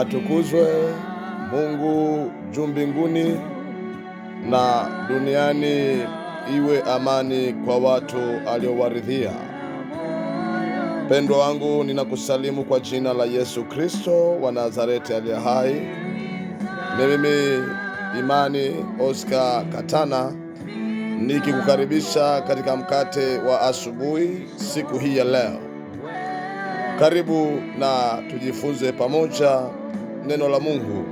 Atukuzwe Mungu juu mbinguni na duniani iwe amani kwa watu aliowaridhia. Mpendwa wangu, ninakusalimu kwa jina la Yesu Kristo wa Nazareti aliye hai. Mimi Imani Oscar Katana nikikukaribisha katika mkate wa asubuhi siku hii ya leo. Karibu na tujifunze pamoja neno la Mungu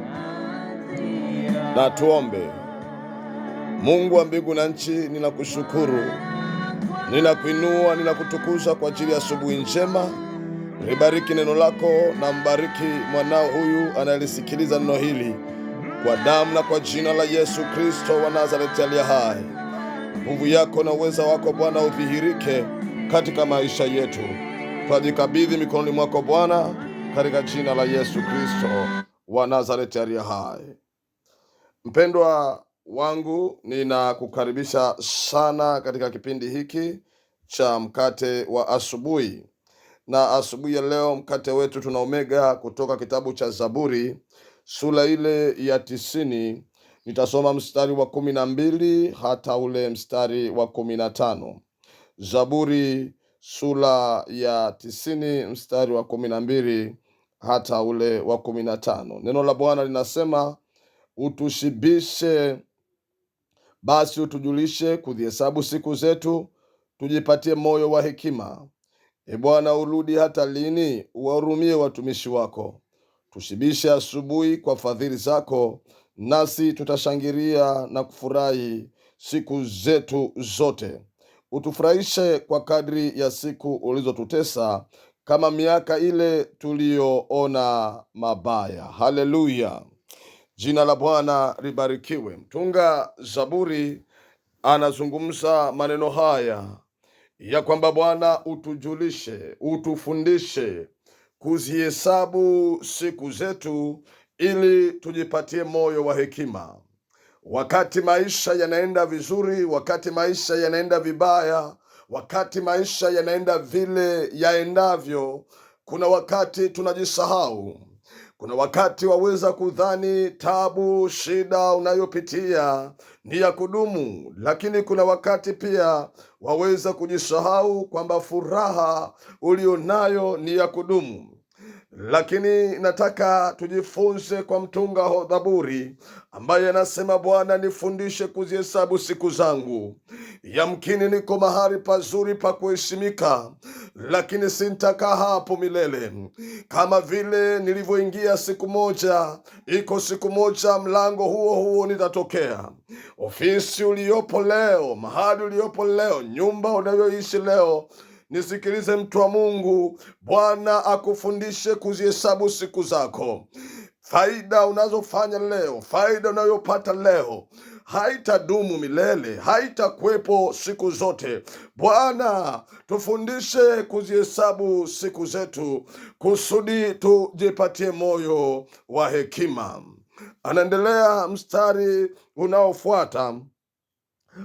na tuombe. Mungu wa mbingu na nchi, ninakushukuru, ninakuinua, ninakutukuza kwa ajili ya asubuhi njema. Libariki neno lako na mbariki mwanao huyu anayelisikiliza neno hili, kwa damu na kwa jina la Yesu Kristo wa Nazareti aliye hai. Nguvu yako na uweza wako Bwana udhihirike katika maisha yetu. Twajikabidhi mikononi mwako Bwana, katika jina la Yesu Kristo wa Nazareti aliye hai. Mpendwa wangu, ninakukaribisha sana katika kipindi hiki cha mkate wa asubuhi, na asubuhi ya leo mkate wetu tuna omega kutoka kitabu cha Zaburi sura ile ya tisini. Nitasoma mstari wa kumi na mbili hata ule mstari wa kumi na tano Zaburi sura ya tisini mstari wa kumi na mbili hata ule wa kumi na tano. Neno la Bwana linasema utushibishe basi, utujulishe kuzihesabu siku zetu, tujipatie moyo wa hekima. E Bwana, urudi hata lini? Uwahurumie watumishi wako. Tushibishe asubuhi kwa fadhili zako, nasi tutashangilia na kufurahi siku zetu zote utufurahishe kwa kadri ya siku ulizotutesa kama miaka ile tuliyoona mabaya. Haleluya, jina la Bwana libarikiwe. Mtunga Zaburi anazungumza maneno haya ya kwamba Bwana utujulishe, utufundishe kuzihesabu siku zetu, ili tujipatie moyo wa hekima. Wakati maisha yanaenda vizuri, wakati maisha yanaenda vibaya, wakati maisha yanaenda vile yaendavyo, kuna wakati tunajisahau. Kuna wakati waweza kudhani tabu, shida unayopitia ni ya kudumu, lakini kuna wakati pia waweza kujisahau kwamba furaha ulionayo ni ya kudumu lakini nataka tujifunze kwa mtunga dhaburi ambaye anasema, Bwana nifundishe kuzihesabu siku zangu. Yamkini niko mahali pazuri pa kuheshimika, lakini sintakaa hapo milele. Kama vile nilivyoingia siku moja, iko siku moja mlango huo huo nitatokea. Ofisi uliyopo leo, mahali uliyopo leo, nyumba unayoishi leo Nisikilize mtu wa Mungu, Bwana akufundishe kuzihesabu siku zako. Faida unazofanya leo, faida unayopata leo haitadumu milele, haitakuwepo siku zote. Bwana, tufundishe kuzihesabu siku zetu kusudi tujipatie moyo wa hekima. Anaendelea mstari unaofuata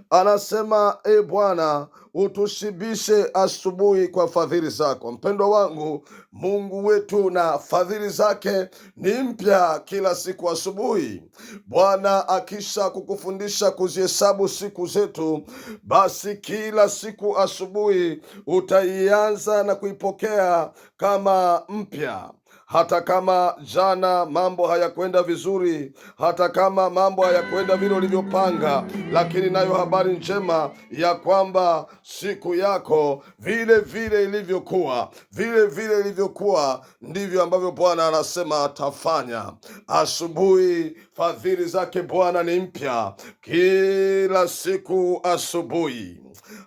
anasema e Bwana, utushibishe asubuhi kwa fadhili zako. Mpendwa wangu, Mungu wetu na fadhili zake ni mpya kila siku asubuhi. Bwana akisha kukufundisha kuzihesabu siku zetu, basi kila siku asubuhi utaianza na kuipokea kama mpya hata kama jana mambo hayakwenda vizuri, hata kama mambo hayakwenda vile ulivyopanga, lakini nayo habari njema ya kwamba siku yako vile vile ilivyokuwa, vile vile ilivyokuwa, ndivyo ambavyo Bwana anasema atafanya. Asubuhi fadhili zake Bwana ni mpya kila siku asubuhi.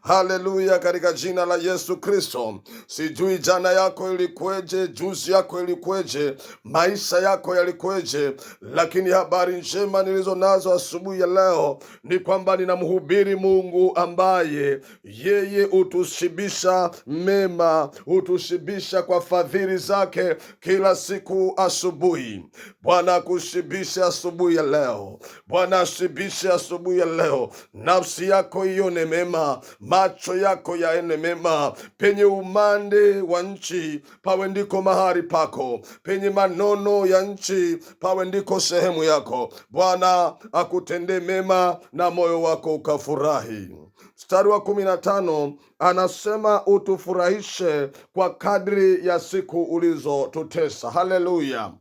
Haleluya, katika jina la Yesu Kristo. Sijui jana yako ilikweje, juzi yako ilikweje, maisha yako yalikweje, lakini habari njema nilizo nazo asubuhi ya leo ni kwamba ninamhubiri Mungu ambaye yeye hutushibisha mema, hutushibisha kwa fadhili zake kila siku asubuhi. Bwana akushibishe asubuhi ya leo, Bwana ashibishe asubuhi ya leo, nafsi yako ione mema macho yako yaene mema. Penye umande wa nchi pawe ndiko mahali pako, penye manono ya nchi pawe ndiko sehemu yako. Bwana akutendee mema na moyo wako ukafurahi. Mstari wa kumi na tano anasema utufurahishe kwa kadri ya siku ulizotutesa. Haleluya!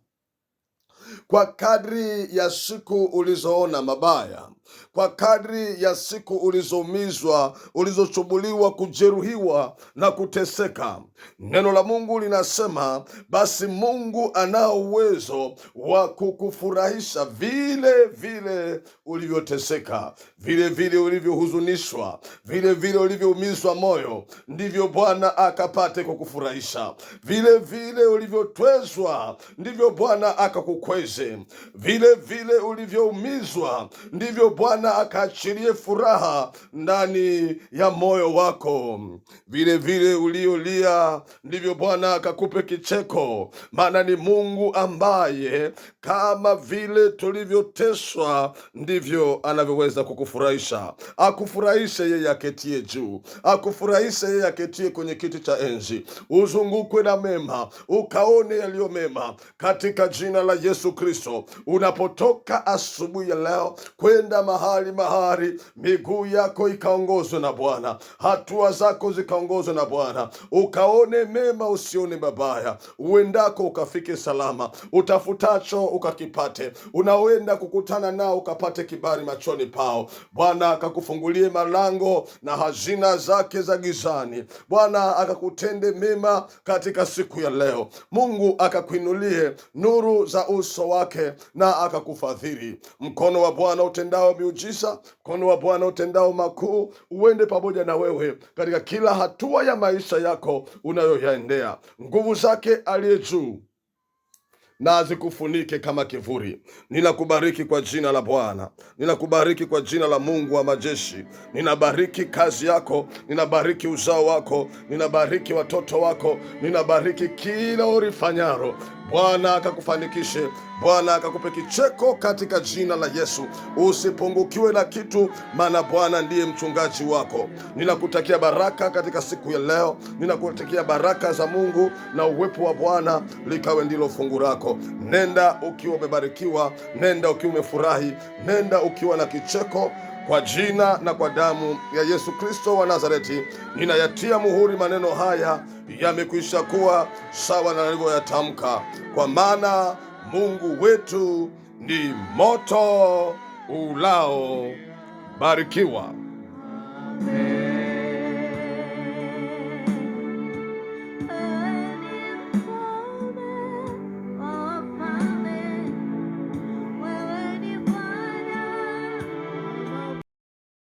Kwa kadri ya siku ulizoona mabaya kwa kadri ya siku ulizoumizwa, ulizochubuliwa, kujeruhiwa na kuteseka. Neno la Mungu linasema basi Mungu anao uwezo wa kukufurahisha vile vile ulivyoteseka, vile vile ulivyohuzunishwa, vile vile ulivyoumizwa moyo, ndivyo Bwana akapate kukufurahisha. Vile vile ulivyotwezwa, ndivyo Bwana akakukweze. Vile vile ulivyoumizwa, ndivyo Bwana akaachilie furaha ndani ya moyo wako, vile vile uliolia ndivyo Bwana akakupe kicheko, maana ni Mungu ambaye kama vile tulivyoteswa ndivyo anavyoweza kukufurahisha. Akufurahishe yeye aketie juu, akufurahishe yeye aketie kwenye kiti cha enzi. Uzungukwe na mema, ukaone yaliyo mema katika jina la Yesu Kristo. Unapotoka asubuhi ya leo kwenda mahali mahali, miguu yako ikaongozwe na Bwana, hatua zako zikaongozwe na Bwana, ukaone mema, usione mabaya, uendako ukafike salama, utafutacho ukakipate, unaoenda kukutana nao ukapate kibali machoni pao. Bwana akakufungulie malango na hazina zake za gizani, Bwana akakutende mema katika siku ya leo, Mungu akakuinulie nuru za uso wake na akakufadhili. Mkono wa Bwana utendao wa miujiza, mkono wa Bwana utendao makuu uende pamoja na wewe katika kila hatua ya maisha yako unayoyaendea. Nguvu zake aliye juu na azikufunike kama kivuli. Ninakubariki kwa jina la Bwana, ninakubariki kwa jina la Mungu wa majeshi. Ninabariki kazi yako, ninabariki uzao wako, ninabariki watoto wako, ninabariki kila urifanyaro Bwana akakufanikishe, Bwana akakupe kicheko katika jina la Yesu. Usipungukiwe na kitu, maana Bwana ndiye mchungaji wako. Ninakutakia baraka katika siku ya leo, ninakutakia baraka za Mungu na uwepo wa Bwana likawe ndilo fungu lako. Nenda ukiwa umebarikiwa, nenda ukiwa umefurahi, nenda ukiwa na kicheko. Kwa jina na kwa damu ya Yesu Kristo wa Nazareti, ninayatia muhuri maneno haya, yamekwisha kuwa sawa na nilivyoyatamka, kwa maana Mungu wetu ni moto ulao. Barikiwa.